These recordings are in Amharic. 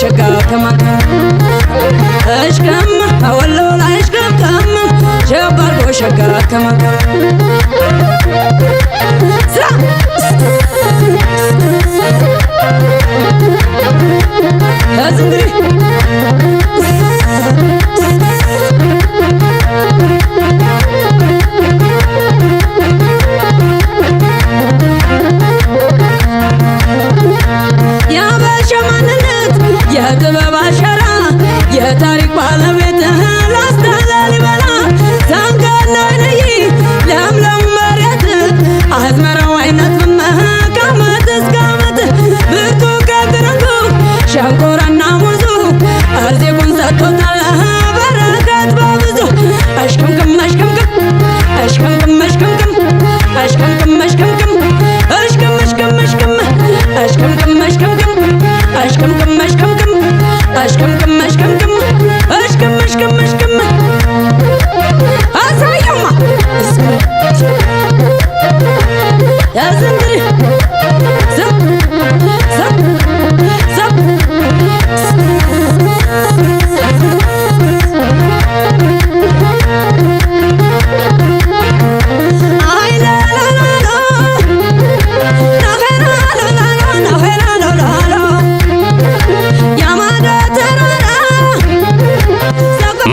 ሸጋ ከማ እሽከም አወለውላ እሽከም ከም ሸባርጎ ሸጋ ከማ ስራ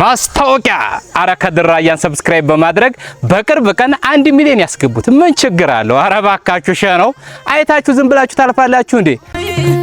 ማስታወቂያ አራካ ድራያን ሰብስክራይብ በማድረግ በቅርብ ቀን አንድ ሚሊዮን ያስገቡት ምን ችግር አለው? አረ ባካችሁ ሸ ነው አይታችሁ ዝም ብላችሁ ታልፋላችሁ እንዴ?